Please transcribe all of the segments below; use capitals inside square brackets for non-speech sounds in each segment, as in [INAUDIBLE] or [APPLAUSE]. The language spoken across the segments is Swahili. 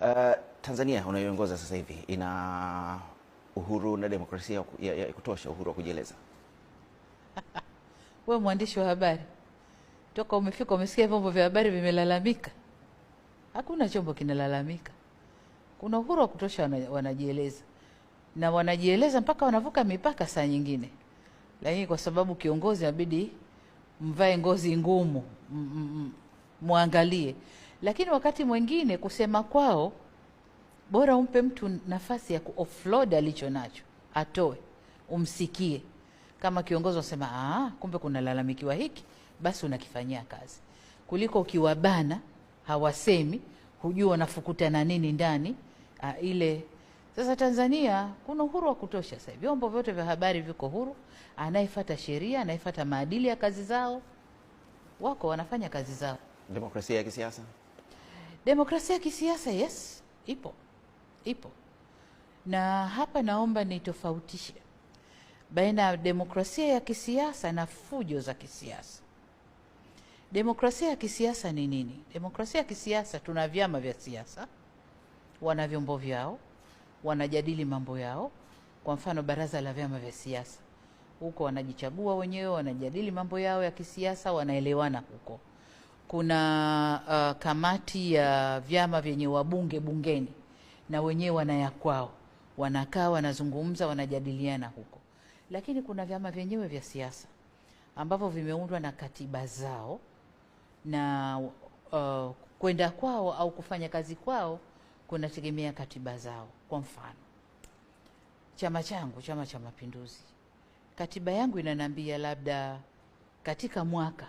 Uh, Tanzania unayoongoza sasa hivi ina uhuru na demokrasia ya, ya kutosha, uhuru wa kujieleza? [LAUGHS] Wewe mwandishi wa habari, toka umefika umesikia vyombo vya habari vimelalamika? Hakuna chombo kinalalamika. Kuna uhuru wa kutosha, wanajieleza na wanajieleza mpaka wanavuka mipaka saa nyingine, lakini kwa sababu kiongozi inabidi mvae ngozi ngumu, mwangalie lakini wakati mwingine kusema kwao, bora umpe mtu nafasi ya kuoffload alicho nacho, atoe, umsikie. Kama kiongozi unasema ah, kumbe kuna lalamikiwa hiki, basi unakifanyia kazi, kuliko ukiwabana, hawasemi, hujua wanafukutana nini ndani a, ah, ile sasa Tanzania kuna uhuru wa kutosha sasa vyombo vyote vya habari viko huru, anayefuata sheria, anayefuata maadili ya kazi zao wako wanafanya kazi zao. Demokrasia ya kisiasa Demokrasia ya kisiasa yes, ipo ipo, na hapa naomba nitofautishe baina ya demokrasia ya kisiasa na fujo za kisiasa. Demokrasia ya kisiasa ni nini? Demokrasia ya kisiasa, tuna vyama vya siasa, wana vyombo vyao, wanajadili mambo yao. Kwa mfano, baraza la vyama vya siasa, huko wanajichagua wenyewe, wanajadili mambo yao ya kisiasa, wanaelewana huko kuna uh, kamati ya vyama vyenye wabunge bungeni na wenyewe wanayakwao kwao, wanakaa wanazungumza, wanajadiliana huko, lakini kuna vyama vyenyewe vya siasa ambavyo vimeundwa na katiba zao na uh, kwenda kwao au kufanya kazi kwao kunategemea katiba zao. Kwa mfano chama changu, Chama cha Mapinduzi, katiba yangu inaniambia labda katika mwaka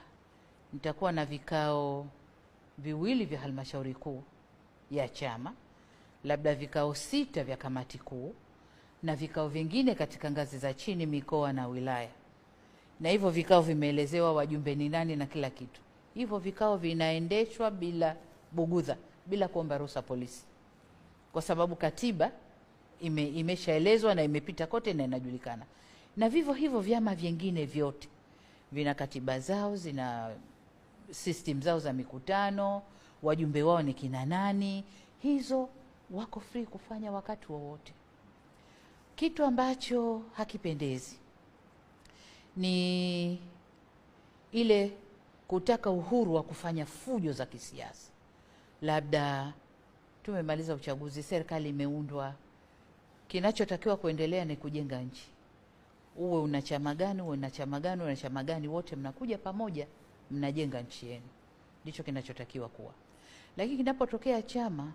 nitakuwa na vikao viwili vya halmashauri kuu ya chama, labda vikao sita vya kamati kuu na vikao vingine katika ngazi za chini, mikoa na wilaya. Na hivyo vikao vimeelezewa wajumbe ni nani na kila kitu. Hivyo vikao vinaendeshwa bila bugudha, bila kuomba ruhusa polisi, kwa sababu katiba ime, imeshaelezwa na imepita kote na inajulikana. Na vivyo hivyo vyama vingine vyote vina katiba zao zina system zao za mikutano, wajumbe wao ni kina nani, hizo wako free kufanya wakati wowote. wa kitu ambacho hakipendezi ni ile kutaka uhuru wa kufanya fujo za kisiasa. Labda tumemaliza uchaguzi, serikali imeundwa, kinachotakiwa kuendelea ni kujenga nchi. Uwe una chama gani, uwe una chama gani, una chama gani, wote mnakuja pamoja mnajenga nchi yenu, ndicho kinachotakiwa kuwa. Lakini kinapotokea chama